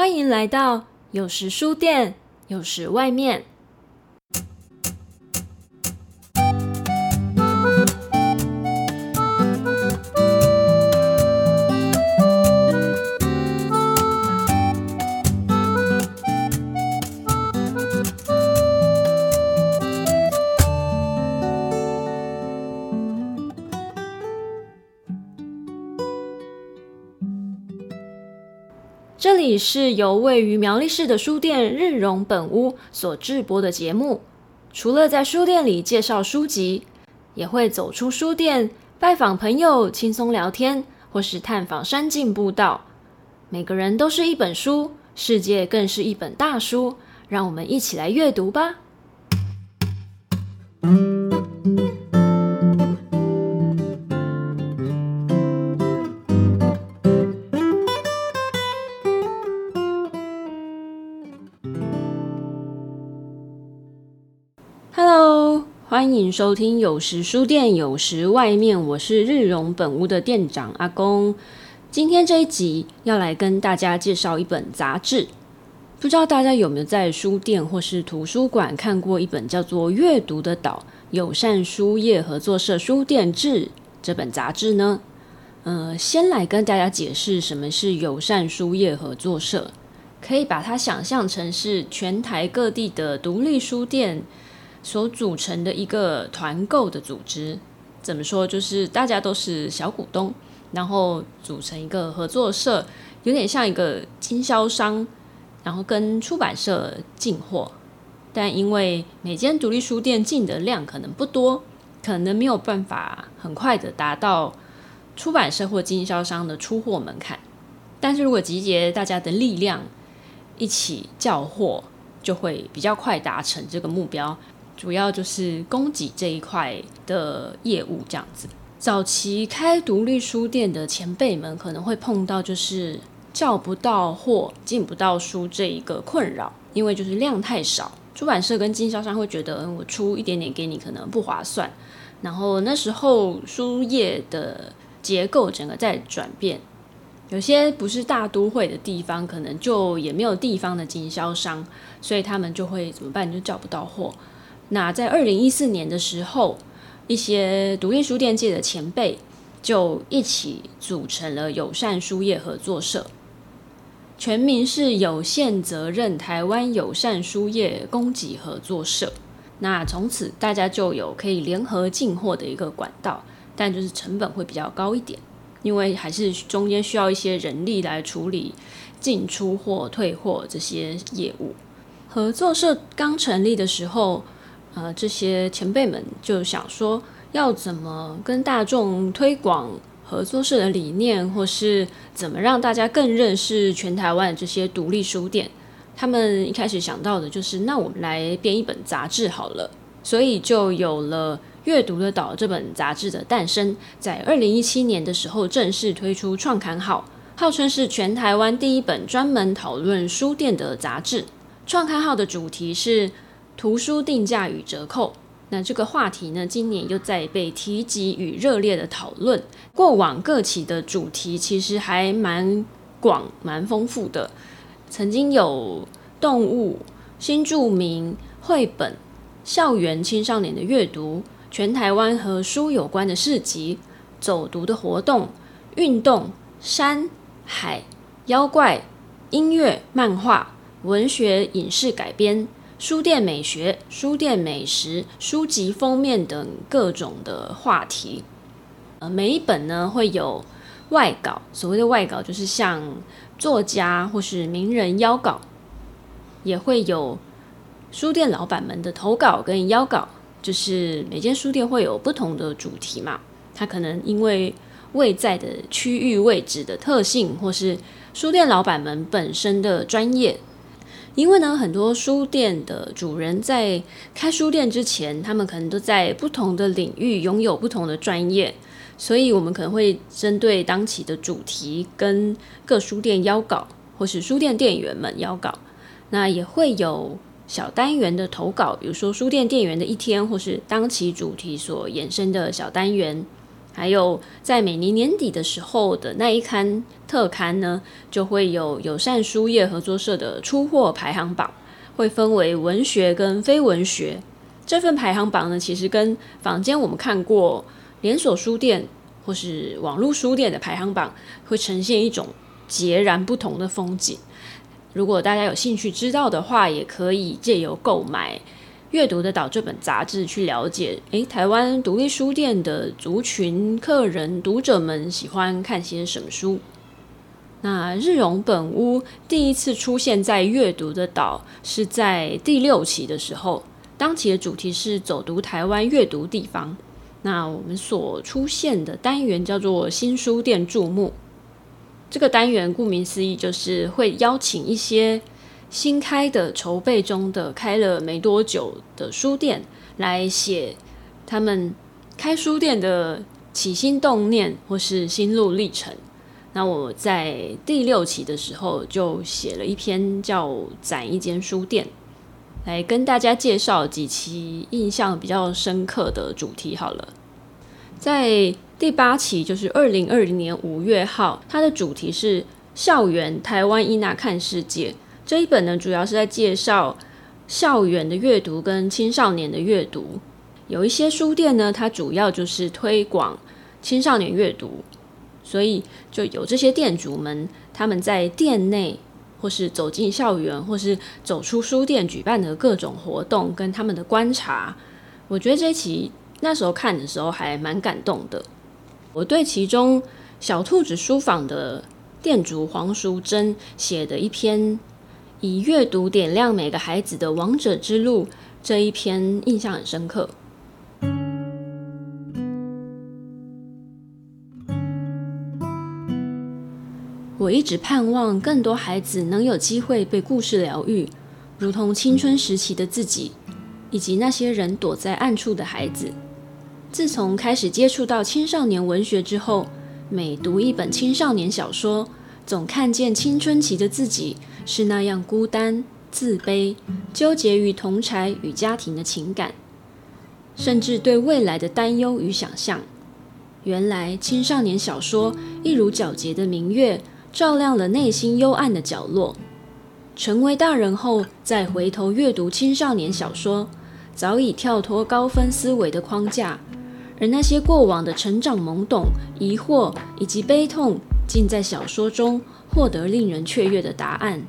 歡迎來到有時書店，有時外面。是由位於苗栗市的書店日榮本屋所制播的節目，除了在書店裡介紹書籍，也會走出書店，拜訪朋友，輕鬆聊天，或是探訪山徑步道。每個人都是一本書，世界更是一本大書，讓我們一起來閱讀吧。歡迎收聽《有時書店，有時外面》，我是日榮本屋的店長阿公。今天這一集要來跟大家介紹一本雜誌，不知道大家有沒有在書店或是圖書館看過一本叫做《閱讀的島》《友善書業合作社書店志》這本雜誌呢？呃，先來跟大家解釋什麼是友善書業合作社，可以把它想象成是全台各地的獨立書店。所組成的一個團購的組織，怎麼說？就是大家都是小股東，然後組成一個合作社，有點像一個經銷商，然後跟出版社進貨。但因為每間獨立書店進的量可能不多，可能沒有辦法很快地達到出版社或經銷商的出貨門檻。但是如果集結大家的力量一起叫貨，就會比較快達成這個目標。主要就是供給這一塊的業務這樣子。早期開獨立書店的前輩們可能會碰到就是叫不到貨、進不到書這一個困擾，因為就是量太少，出版社跟經銷商會覺得我出一點點給你可能不划算。然後那時候書業的結構整個在轉變，有些不是大都會的地方，可能就也沒有地方的經銷商，所以他們就會怎麼辦？就叫不到貨。那在二零一四年的時候，一些獨立書店界的前輩就一起組成了友善書業合作社，全名是有限責任台灣友善書業供給合作社。那從此大家就有可以聯合進貨的一個管道，但就是成本會比較高一點，因為還是中間需要一些人力來處理進出貨、退貨這些業務。合作社剛成立的時候。呃，這些前輩們就想說，要怎麼跟大眾推廣合作社的理念，或是怎麼讓大家更認識全台灣這些獨立書店？他們一開始想到的就是，那我們來編一本雜誌好了，所以就有了《閱讀的島》這本雜誌的誕生。在二零一七年的時候，正式推出創刊號，號稱是全台灣第一本專門討論書店的雜誌。創刊號的主題是。圖書定價與折扣，那這個話題呢，今年又在被提及與熱烈的討論。過往各期的主題其實還蠻廣、蠻豐富的，曾經有動物、新住民繪本、校園青少年的閱讀、全台灣和書有關的市集、走讀的活動、運動、山海、妖怪、音樂、漫畫、文學、影視改編、書店美學、書店美食、書籍封面等各種的話題。呃，每一本呢會有外稿，所謂的外稿就是向作家或是名人邀稿，也會有書店老板們的投稿跟邀稿。就是每間書店會有不同的主題嘛，它可能因為位在的區域位置的特性，或是書店老板們本身的專業。因為呢，很多書店的主人在開書店之前，他們可能都在不同的領域擁有不同的專業，所以我們可能會針對當期的主題跟各書店邀稿，或是書店店員們邀稿。那也會有小單元的投稿，比如說書店店員的一天，或是當期主題所衍生的小單元。還有在每年年底的時候的那一刊特刊呢，就會有友善書業合作社的出貨排行榜，會分為文學跟非文學。這份排行榜呢，其實跟坊間我們看過連鎖書店或是網絡書店的排行榜，會呈現一種截然不同的風景。如果大家有興趣知道的話，也可以借由購買。閱讀的島這本雜誌去了解，誒、欸，台灣獨立書店的族群客人讀者們喜歡看些什麼書？那日榮本屋第一次出現在閱讀的島是在第六期的時候，當期的主題是走讀台灣閱讀地方。那我們所出現的單元叫做新書店注目，這個單元顧名思義就是會邀請一些。新開的、籌備中的、開了沒多久的書店，來寫他們開書店的起心動念或是心路歷程。那我在第六期的時候就寫了一篇叫《攢一間書店》，來跟大家介紹幾期印象比較深刻的主題。好了，在第八期就是二零二零年五月號，它的主題是校園台灣囡仔看世界。這一本呢，主要是在介紹校園的閱讀跟青少年的閱讀。有一些書店呢，它主要就是推廣青少年閱讀，所以就有這些店主們他們在店內或是走進校園或是走出書店舉辦的各種活動跟他們的觀察。我覺得這期那時候看的時候還蠻感動的。我對其中小兔子書坊的店主黃淑貞寫的一篇，以閱讀點亮每個孩子的王者之路，這一篇印象很深刻。我一直盼望更多孩子能有機會被故事療癒，如同青春時期的自己，以及那些人躲在暗處的孩子。自從開始接觸到青少年文學之後，每讀一本青少年小說，總看見青春期的自己是那樣孤單、自卑，糾結於同儕與家庭的情感，甚至對未來的擔憂與想象。原來青少年小說一如皎潔的明月，照亮了內心幽暗的角落。成為大人後，再回頭閱讀青少年小說，早已跳脫高分思維的框架，而那些過往的成長懵懂、疑惑以及悲痛。竟在小說中獲得令人雀躍的答案，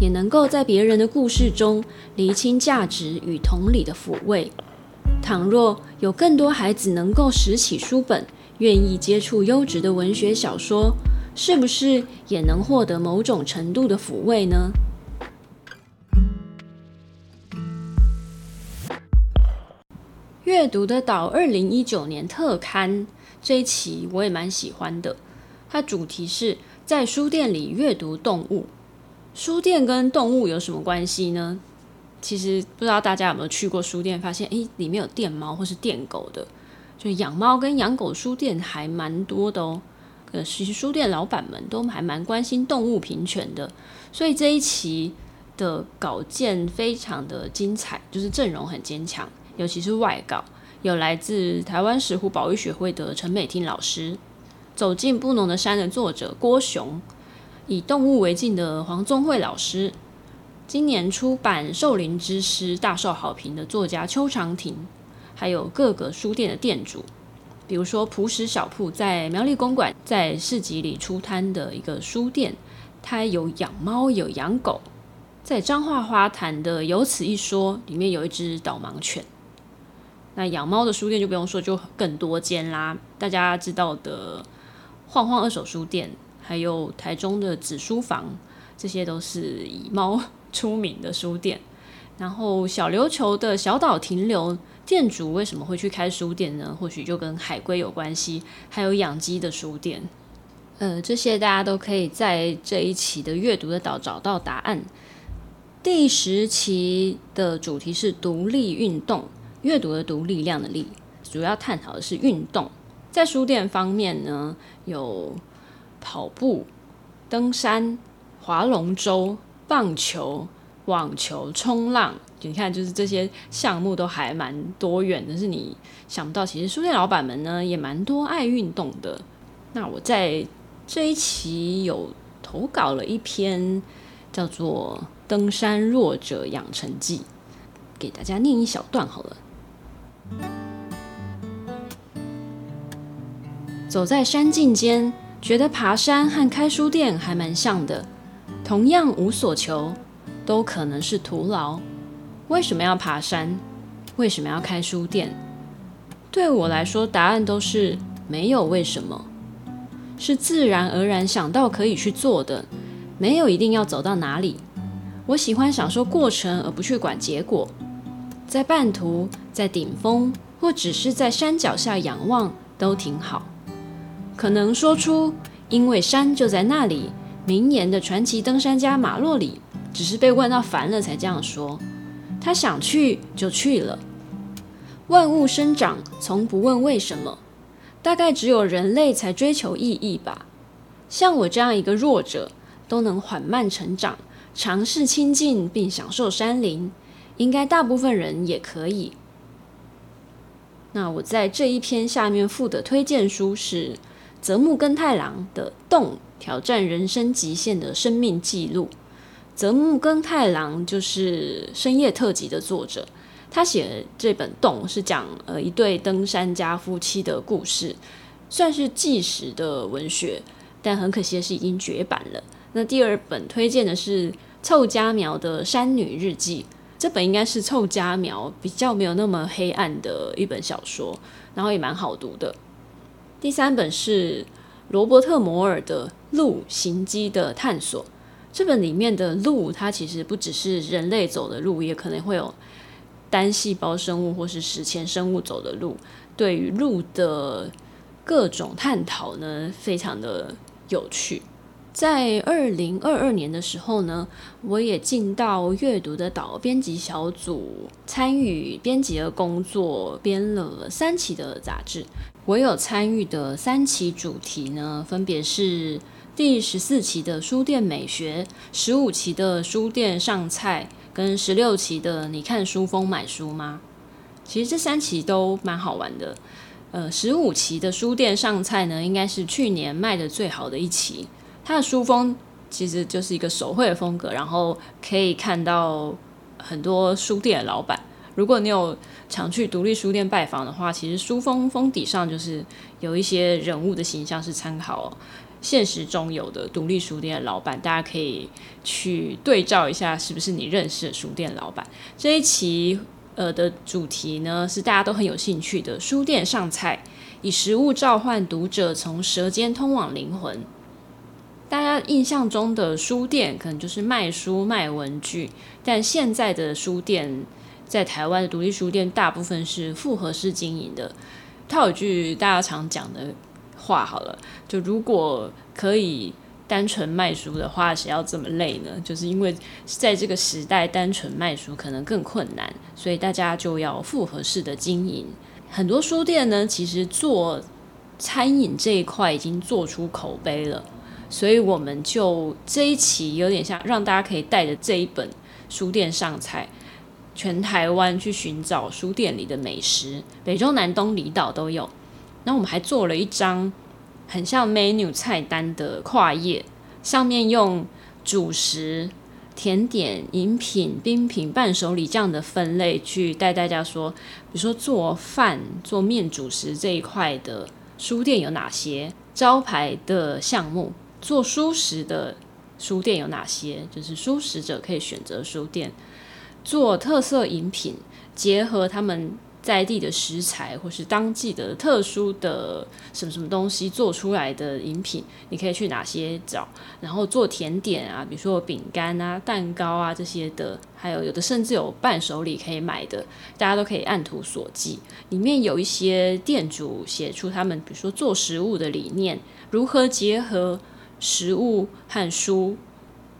也能夠在別人的故事中釐清價值與同理的撫慰。倘若有更多孩子能夠拾起書本，願意接觸優質的文學小說，是不是也能獲得某種程度的撫慰呢？閱讀的島二零一九年特刊，這一期我也蠻喜歡的。它主題是在書店裡閱讀動物。書店跟動物有什麼關係呢？其實不知道大家有沒有去過書店，發現誒裡面有店貓或是店狗的，就養貓跟養狗書店還蠻多的哦。可是其實書店老闆們都還蠻關心動物平權的，所以這一期的稿件非常的精彩，就是陣容很堅強，尤其是外稿有來自台灣石虎保育學會的陳美婷老師，走進布農的山的作者郭雄，以動物為鏡的黃宗慧老師，今年出版《獸靈之詩》大受好評的作家邱長廷，還有各個書店的店主，比如說樸實小鋪在苗栗公館，在市集裡出攤的一個書店，它有養貓有養狗，在彰化花壇的有此一說裡面有一隻導盲犬，那養貓的書店就不用說，就更多間啦，大家知道的。晃晃二手書店，還有台中的紙書房，這些都是以貓出名的書店。然後小琉球的小島停琉，店主為什麼會去開書店呢？或許就跟海龜有關係。還有養雞的書店，呃，這些大家都可以在這一期的閱讀的島找到答案。第十期的主題是讀力運動，閱讀的讀，力量的力，主要探討的是運動。在書店方面呢，有跑步、登山、划龍舟、棒球、網球、衝浪，你看，就是這些項目都還蠻多元的。但是，你想不到，其實書店老闆們呢，也蠻多愛運動的。那我在這一期有投稿了一篇，叫做《登山弱者養成記》，給大家念一小段好了。走在山徑間，覺得爬山和開書店還蠻像的，同樣無所求，都可能是徒勞。為什麼要爬山？為什麼要開書店？對我來說，答案都是沒有為什麼，是自然而然想到可以去做的，沒有一定要走到哪裡。我喜歡享受過程，而不去管結果。在半途、在頂峰，或只是在山腳下仰望，都挺好。可能說出“因為山就在那裡”，名言的傳奇登山家馬洛里只是被問到煩了才這樣說。他想去就去了。萬物生長從不問為什麼，大概只有人類才追求意義吧。像我這樣一個弱者都能緩慢成長，嘗試親近並享受山林，應該大部分人也可以。那我在這一篇下面附的推薦書是。澤木耕太郎的《洞》挑戰人生極限的生命記錄。澤木耕太郎就是《深夜特輯》的作者，他寫的這本《洞》是講呃一對登山家夫妻的故事，算是紀實的文學，但很可惜的是已經絕版了。那第二本推薦的是湊佳苗的《山女日記》，這本應該是湊佳苗比較沒有那麼黑暗的一本小說，然後也蠻好讀的。第三本是羅伯特·摩爾的《路行跡的探索》。這本裡面的“路”它其實不只是人類走的路，也可能會有單細胞生物或是史前生物走的路。對於“路”的各種探討呢，非常的有趣。在二零二二年的時候呢，我也進到閱讀的島編輯小組，參與編輯的工作，編了三期的雜誌。我有參與的三期主題呢，分別是第十四期的書店美學、十五期的書店上菜跟十六期的你看書封買書嗎？其實這三期都蠻好玩的。呃，十五期的書店上菜呢，應該是去年賣的最好的一期。它的書封其實就是一個手繪的風格，然後可以看到很多書店的老板。如果你有常去獨立書店拜訪的話，其實書封封底上就是有一些人物的形象，是參考現實中有的獨立書店的老闆，大家可以去對照一下，是不是你認識的書店老闆。這一期呃的主題呢，是大家都很有興趣的“書店上菜”，以食物召喚讀者，從舌尖通往靈魂。大家印象中的書店可能就是賣書賣文具，但現在的書店，在台灣的獨立書店大部分是複合式經營的，套一句大家常講的話，好了，就如果可以單純賣書的話，誰要這麼累呢？就是因為在這個時代，單純賣書可能更困難，所以大家就要複合式的經營。很多書店呢，其實做餐飲這一塊已經做出口碑了，所以我們就這一期有點像讓大家可以帶着這一本書店上菜。全台灣去尋找書店裡的美食，北中南東離島都有。那我們還做了一張很像 menu 菜單的跨頁，上面用主食、甜點、飲品、冰品、伴手禮這樣的分類去帶大家說，比如說做飯、做麵、主食這一塊的書店有哪些招牌的項目，做蔬食的書店有哪些，就是蔬食者可以選擇書店。做特色飲品，結合他們在地的食材或是當季的特殊的什麼什麼東西做出來的飲品，你可以去哪些找？然後做甜點啊，比如說餅乾啊、蛋糕啊這些的，還有有的甚至有伴手禮可以買的，大家都可以按圖索驥。裡面有一些店主寫出他們，比如說做食物的理念，如何結合食物和書。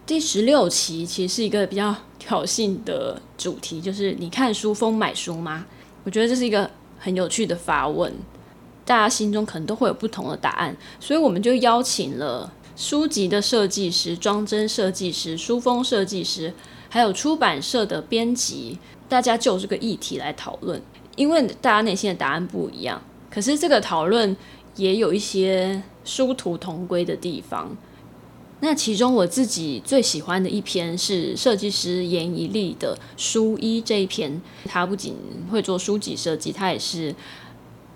第十六期其實是一個比較挑釁的主題，就是你看書封買書嗎？我覺得這是一個很有趣的發問，大家心中可能都會有不同的答案，所以我們就邀請了書籍的設計師、裝幀設計師、書封設計師，還有出版社的編輯，大家就這個議題來討論。因為大家內心的答案不一樣，可是這個討論也有一些殊途同歸的地方。那其中我自己最喜歡的一篇是設計師嚴以利的《書衣》這一篇，他不僅會做書籍設計，他也是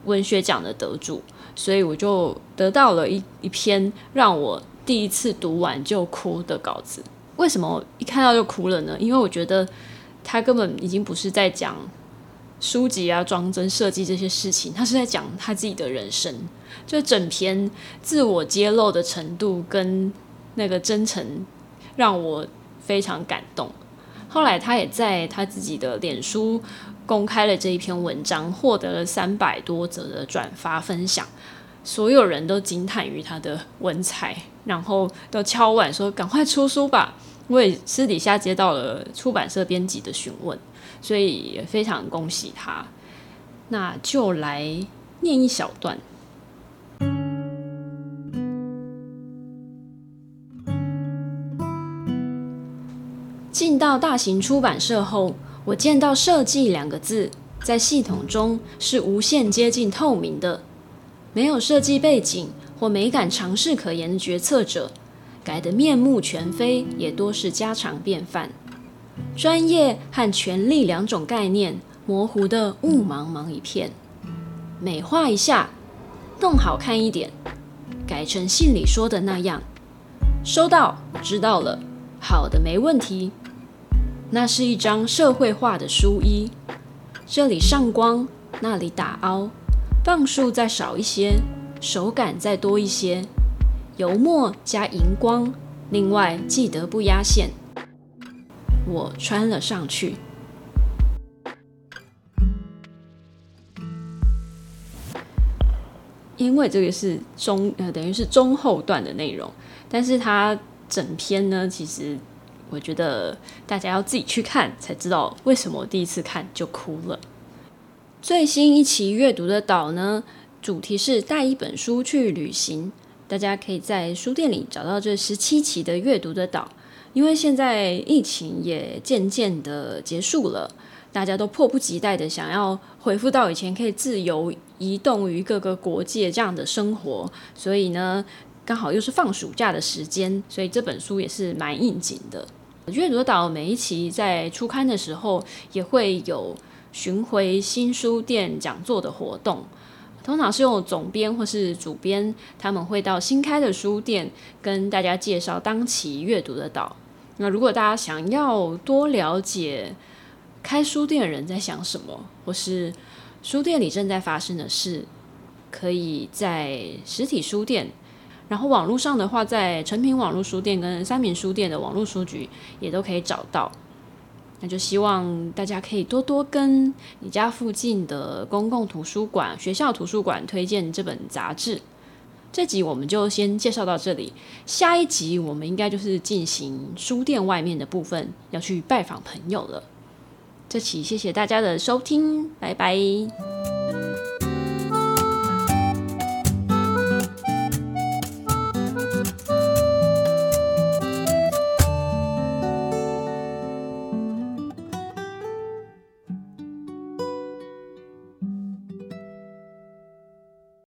文學獎的得主，所以我就得到了一一篇讓我第一次讀完就哭的稿子。為什麼一看到就哭了呢？因為我覺得他根本已經不是在講書籍啊裝幀設計這些事情，他是在講他自己的人生，就整篇自我揭露的程度跟。那個真誠讓我非常感動。後來他也在他自己的臉書公開了這一篇文章，獲得了三百多則的轉發分享，所有人都驚嘆於他的文采，然後都敲碗說趕快出書吧！我也私底下接到了出版社編輯的詢問，所以也非常恭喜他。那就來念一小段。進到大型出版社後，我見到“設計”兩個字在系統中是無限接近透明的。沒有設計背景或美感常識可言的決策者，改得面目全非也多是家常便飯。專業和權力兩種概念模糊得霧茫茫一片。美化一下，弄好看一點，改成信裡說的那樣。收到，知道了，好的，沒問題。那是一張社會化的書衣，這裡上光，那裡打凹，磅數，再少一些，手感再多一些，油墨加熒光，另外記得不壓線。我穿了上去，因為這個是中呃，等於是中後段的內容，但是它整篇呢其實。我覺得大家要自己去看，才知道為什麼我第一次看就哭了。最新一期《閱讀的島》呢，主題是帶一本書去旅行。大家可以在書店裡找到這十七期的《閱讀的島》。因為現在疫情也漸漸的結束了，大家都迫不及待的想要恢復到以前可以自由移動於各個國界這樣的生活。所以呢，剛好又是放暑假的時間，所以這本書也是蠻應景的。閱讀的島每一期在出刊的時候，也會有巡迴新書店講座的活動。通常是用總編或是主編，他們會到新開的書店跟大家介紹當期閱讀的島。那如果大家想要多了解開書店的人在想什麼，或是書店裡正在發生的事，可以在實體書店。然後網絡上的話，在誠品網絡書店跟三民書店的網絡書局也都可以找到。那就希望大家可以多多跟你家附近的公共圖書館、學校圖書館推薦這本雜誌。這集我們就先介紹到這裡，下一集我們應該就是進行書店外面的部分，要去拜訪朋友了。這期謝謝大家的收聽，拜拜。